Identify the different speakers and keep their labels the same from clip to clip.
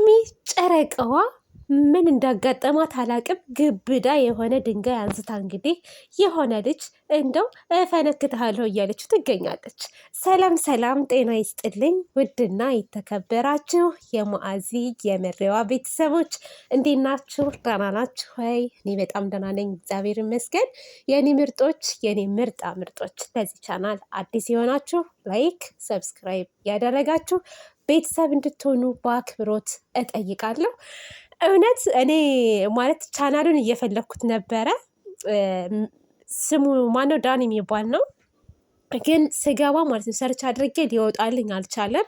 Speaker 1: ሀይሚ ጨረቀዋ ምን እንዳጋጠማት አላቅም። ግብዳ የሆነ ድንጋይ አንስታ እንግዲህ የሆነ ልጅ እንደው እፈነክትሃለሁ እያለች ትገኛለች። ሰላም ሰላም፣ ጤና ይስጥልኝ ውድና የተከበራችሁ የማአዚ የመሪዋ ቤተሰቦች እንዴት ናችሁ? ደህና ናችሁ ወይ? እኔ በጣም ደህና ነኝ፣ እግዚአብሔር ይመስገን። የኔ ምርጦች፣ የኔ ምርጣ ምርጦች፣ ለዚህ ቻናል አዲስ የሆናችሁ ላይክ፣ ሰብስክራይብ ያደረጋችሁ ቤተሰብ እንድትሆኑ በአክብሮት እጠይቃለሁ። እውነት እኔ ማለት ቻናሉን እየፈለግኩት ነበረ። ስሙ ማነው? ዳን የሚባል ነው ግን ስገባ ማለት ነው ሰርች አድርጌ ሊወጣልኝ አልቻለም።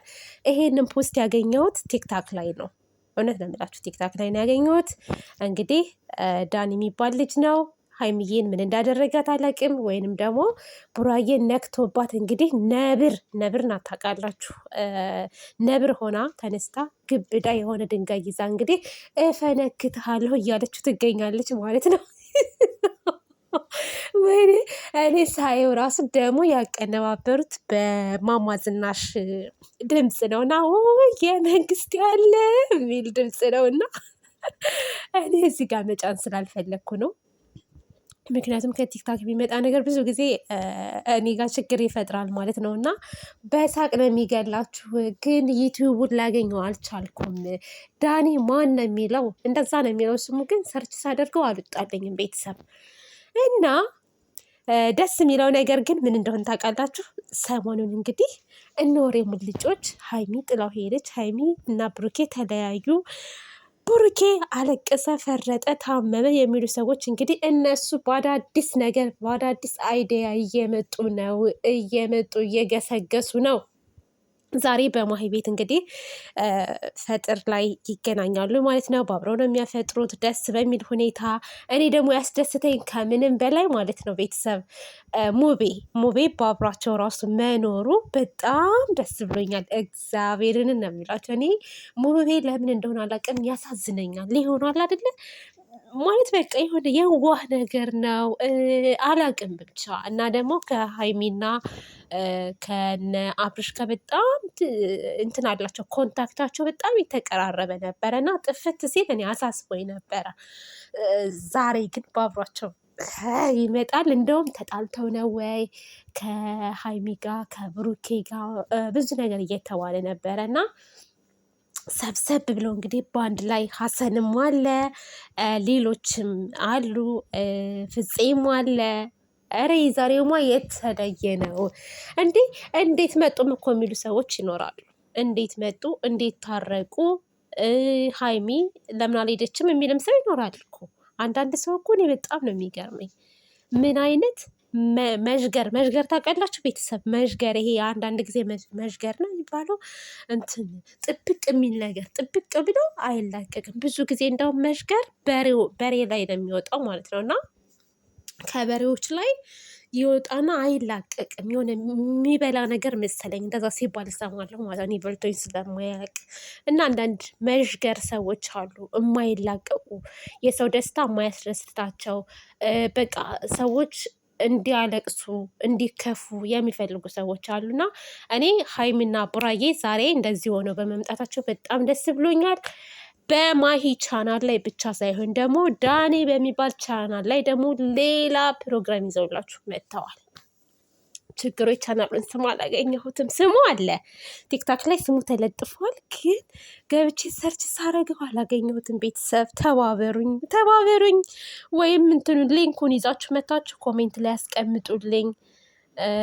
Speaker 1: ይሄንን ፖስት ያገኘሁት ቲክታክ ላይ ነው። እውነት ነው የምላችሁ ቲክታክ ላይ ነው ያገኘሁት። እንግዲህ ዳን የሚባል ልጅ ነው። ሀይምዬን ምን እንዳደረጋት አላቅም፣ ወይንም ደግሞ ቡራዬን ነክቶባት እንግዲህ ነብር ነብር ናት ታውቃላችሁ። ነብር ሆና ተነስታ ግብዳ የሆነ ድንጋይ ይዛ እንግዲህ እፈነክትሃለሁ እያለችው ትገኛለች ማለት ነው። ወይኔ እኔ ሳየው ራሱ ደግሞ ያቀነባበሩት በማማዝናሽ ድምፅ ነው እና የመንግስት ያለ የሚል ድምፅ ነው እና እኔ እዚህ ጋር መጫን ስላልፈለግኩ ነው። ምክንያቱም ከቲክታክ የሚመጣ ነገር ብዙ ጊዜ እኔ ጋር ችግር ይፈጥራል ማለት ነው እና በሳቅ ነው የሚገላችሁ። ግን ዩቲዩቡን ላገኘው አልቻልኩም። ዳኒ ማን ነው የሚለው እንደዛ ነው የሚለው ስሙ፣ ግን ሰርች ሳደርገው አልወጣልኝም ቤተሰብ እና ደስ የሚለው ነገር ግን ምን እንደሆን ታውቃላችሁ? ሰሞኑን እንግዲህ እነ ወሬ ሙልጮች ሀይሚ ጥላው ሄደች፣ ሀይሚ እና ብሩኬ ተለያዩ። ብሩኬ አለቀሰ፣ ፈረጠ፣ ታመመ የሚሉ ሰዎች እንግዲህ እነሱ በአዳዲስ ነገር በአዳዲስ አይዲያ እየመጡ ነው፣ እየመጡ እየገሰገሱ ነው። ዛሬ በማሂ ቤት እንግዲህ ፈጥር ላይ ይገናኛሉ ማለት ነው። በአብረው ነው የሚያፈጥሩት ደስ በሚል ሁኔታ። እኔ ደግሞ ያስደስተኝ ከምንም በላይ ማለት ነው ቤተሰብ ሙቤ ሙቤ በአብሯቸው ራሱ መኖሩ በጣም ደስ ብሎኛል። እግዚአብሔርን ነው የሚላቸው። እኔ ሙቤ ለምን እንደሆነ አላውቅም ያሳዝነኛል። ሊሆኗል አይደለ ማለት በቃ የሆነ የዋህ ነገር ነው አላቅም ብቻ እና ደግሞ ከሀይሚና ከነ አብርሽ ከበጣም እንትን አላቸው ኮንታክታቸው በጣም የተቀራረበ ነበረ እና ጥፍት ሴት እኔ አሳስቦኝ ነበረ። ዛሬ ግን ባብሯቸው ይመጣል። እንደውም ተጣልተው ነው ወይ ከሀይሚ ጋር ከብሩኬ ጋር ብዙ ነገር እየተባለ ነበረ እና ሰብሰብ ብለው እንግዲህ በአንድ ላይ ሀሰንም አለ ሌሎችም አሉ ፍፄም አለ። ኧረ የዛሬውማ የተለየ ነው እንዴ! እንዴት መጡም እኮ የሚሉ ሰዎች ይኖራሉ። እንዴት መጡ፣ እንዴት ታረቁ፣ ሀይሚ ለምን አልሄደችም የሚልም ሰው ይኖራል እኮ። አንዳንድ ሰው እኮ እኔ በጣም ነው የሚገርመኝ ምን አይነት መዥገር መዥገር ታውቃላችሁ ቤተሰብ መዥገር ይሄ አንዳንድ ጊዜ መዥገር ነው የሚባለው እንትን ጥብቅ የሚል ነገር ጥብቅ ብሎ አይላቀቅም ብዙ ጊዜ እንደውም መዥገር በሬ ላይ ነው የሚወጣው ማለት ነው እና ከበሬዎች ላይ ይወጣና አይላቀቅም የሆነ የሚበላ ነገር መሰለኝ እንደዛ ሲባል እሰማለሁ ማለት ነው በልቶኝ ስለማያውቅ እና አንዳንድ መዥገር ሰዎች አሉ የማይላቀቁ የሰው ደስታ የማያስደስታቸው በቃ ሰዎች እንዲያለቅሱ እንዲከፉ የሚፈልጉ ሰዎች አሉና እኔ ሀይሚና ቡራዬ ዛሬ እንደዚህ ሆነው በመምጣታቸው በጣም ደስ ብሎኛል። በማሂ ቻናል ላይ ብቻ ሳይሆን ደግሞ ዳኔ በሚባል ቻናል ላይ ደግሞ ሌላ ፕሮግራም ይዘውላችሁ መጥተዋል። ችግሮች የቻናሉን ስሙ አላገኘሁትም። ስሙ አለ ቲክታክ ላይ ስሙ ተለጥፏል፣ ግን ገብቼ ሰርች ሳረገው አላገኘሁትም። ቤተሰብ ተባበሩኝ፣ ተባበሩኝ ወይም እንትኑ ሊንኩን ይዛችሁ መታችሁ ኮሜንት ላይ ያስቀምጡልኝ።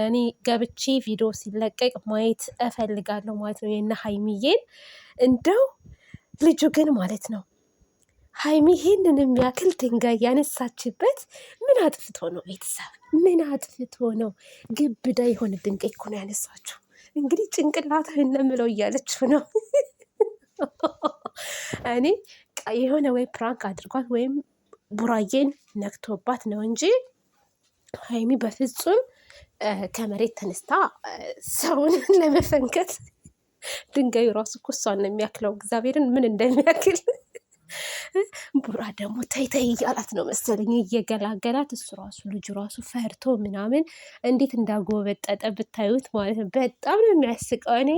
Speaker 1: እኔ ገብቼ ቪዲዮ ሲለቀቅ ማየት እፈልጋለሁ ማለት ነው የነ ሀይሚዬን እንደው ልጁ ግን ማለት ነው ሀይሚ ይህንን የሚያክል ድንጋይ ያነሳችበት ምን አጥፍቶ ነው? ቤተሰብ ምን አጥፍቶ ነው? ግብዳ የሆነ ድንጋይ እኮ ነው ያነሳችሁ። እንግዲህ ጭንቅላትህን ለምለው እያለችው ነው። እኔ የሆነ ወይ ፕራንክ አድርጓት ወይም ቡራዬን ነክቶባት ነው እንጂ ሀይሚ በፍጹም ከመሬት ተነስታ ሰውን ለመፈንከት ድንጋዩ ራሱ እኮ እሷን ነው የሚያክለው። እግዚአብሔርን ምን እንደሚያክል ቡራ ደግሞ ተይተይ እያላት ነው መሰለኝ እየገላገላት እሱ ራሱ ልጁ ራሱ ፈርቶ ምናምን እንዴት እንዳጎበጠጠ ብታዩት ማለት ነው። በጣም ነው የሚያስቀው። እኔ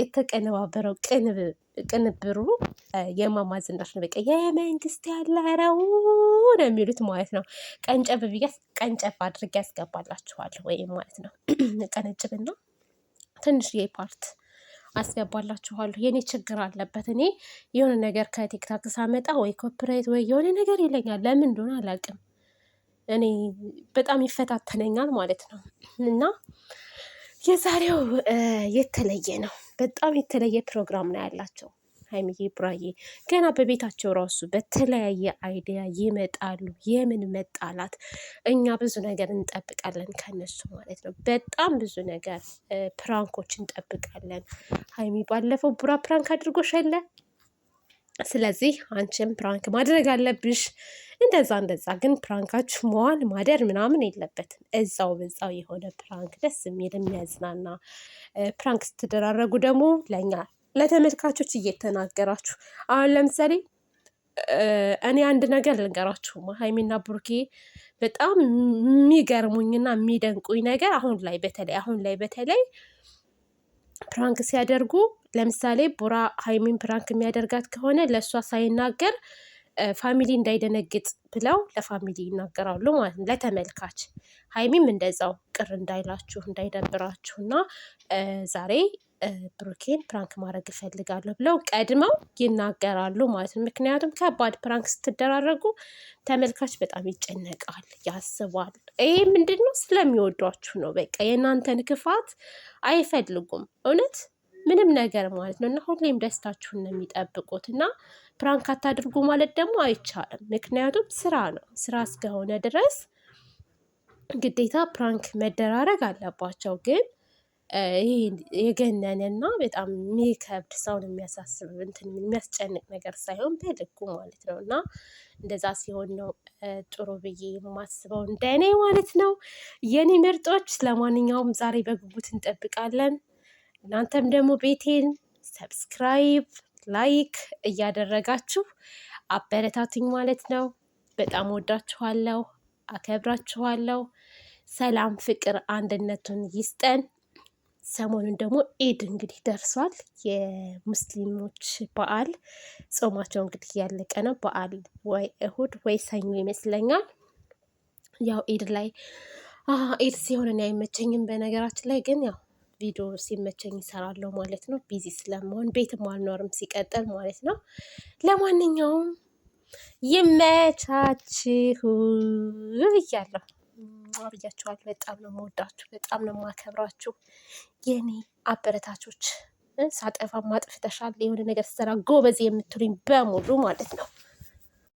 Speaker 1: የተቀነባበረው ቅንብ ቅንብሩ ዝናሽ ነው። በቃ የመንግስት ያለረው ነው የሚሉት ማለት ነው። ቀንጨብ ብያስ ቀንጨብ አድርጌ ያስገባላችኋለሁ ወይም ማለት ነው ቅንጭብና ትንሽ የፓርት አስገባላችኋለሁ። የኔ ችግር አለበት። እኔ የሆነ ነገር ከቲክታክ ሳመጣ ወይ ኮፒራይት ወይ የሆነ ነገር ይለኛል። ለምን እንደሆነ አላውቅም። እኔ በጣም ይፈታተነኛል ማለት ነው እና የዛሬው የተለየ ነው። በጣም የተለየ ፕሮግራም ነው ያላቸው። ሀይሚዬ ብራዬ ገና በቤታቸው ራሱ በተለያየ አይዲያ ይመጣሉ። የምን መጣላት እኛ ብዙ ነገር እንጠብቃለን ከነሱ ማለት ነው። በጣም ብዙ ነገር ፕራንኮች እንጠብቃለን። ሀይሚ ባለፈው ቡራ ፕራንክ አድርጎሽ ስለዚህ አንቺም ፕራንክ ማድረግ አለብሽ። እንደዛ እንደዛ ግን ፕራንካች መዋል ማደር ምናምን የለበትም። እዛው በዛው የሆነ ፕራንክ ደስ የሚል የሚያዝናና ፕራንክ ስትደራረጉ ደግሞ ለእኛ ለተመልካቾች እየተናገራችሁ አሁን ለምሳሌ እኔ አንድ ነገር ልንገራችሁ ሀይሚና ብሩኬ በጣም የሚገርሙኝና የሚደንቁኝ ነገር አሁን ላይ በተለይ አሁን ላይ በተለይ ፕራንክ ሲያደርጉ ለምሳሌ ቡራ ሀይሚን ፕራንክ የሚያደርጋት ከሆነ ለእሷ ሳይናገር ፋሚሊ እንዳይደነግጥ ብለው ለፋሚሊ ይናገራሉ ማለት ነው፣ ለተመልካች ሀይሚም እንደዛው ቅር እንዳይላችሁ እንዳይደብራችሁ እና ዛሬ ብሩኬን ፕራንክ ማድረግ እፈልጋለሁ ብለው ቀድመው ይናገራሉ ማለት ነው። ምክንያቱም ከባድ ፕራንክ ስትደራረጉ ተመልካች በጣም ይጨነቃል፣ ያስባል። ይሄ ምንድን ነው? ስለሚወዷችሁ ነው። በቃ የእናንተን ክፋት አይፈልጉም። እውነት ምንም ነገር ማለት ነው። እና ሁሌም ደስታችሁን ነው የሚጠብቁት። እና ፕራንክ አታድርጉ ማለት ደግሞ አይቻልም። ምክንያቱም ስራ ነው። ስራ እስከሆነ ድረስ ግዴታ ፕራንክ መደራረግ አለባቸው ግን የገነነና በጣም የሚከብድ ሰውን የሚያሳስብ እንትን የሚያስጨንቅ ነገር ሳይሆን በልኩ ማለት ነው። እና እንደዛ ሲሆን ነው ጥሩ ብዬ የማስበው እንደኔ ማለት ነው። የኔ ምርጦች፣ ለማንኛውም ዛሬ በጉጉት እንጠብቃለን። እናንተም ደግሞ ቤቴን ሰብስክራይብ፣ ላይክ እያደረጋችሁ አበረታቱኝ ማለት ነው። በጣም ወዳችኋለሁ፣ አከብራችኋለሁ። ሰላም፣ ፍቅር፣ አንድነቱን ይስጠን። ሰሞኑን ደግሞ ኢድ እንግዲህ ደርሷል። የሙስሊሞች በዓል ጾማቸው እንግዲህ ያለቀ ነው። በዓል ወይ እሁድ ወይ ሰኞ ይመስለኛል። ያው ኢድ ላይ ኢድ ሲሆን እኔ አይመቸኝም። በነገራችን ላይ ግን ያው ቪዲዮ ሲመቸኝ ይሰራለሁ ማለት ነው። ቢዚ ስለመሆን ቤትም አልኖርም ሲቀጥል ማለት ነው። ለማንኛውም ይመቻችሁ ብያለሁ። ገባ ብያችኋል። በጣም ነው የምወዳችሁ፣ በጣም ነው የማከብራችሁ የኔ አበረታቾች። ሳጠፋ ማጥፍተሻል፣ የሆነ ነገር ስሰራ ጎበዝ የምትሉኝ በሙሉ ማለት ነው።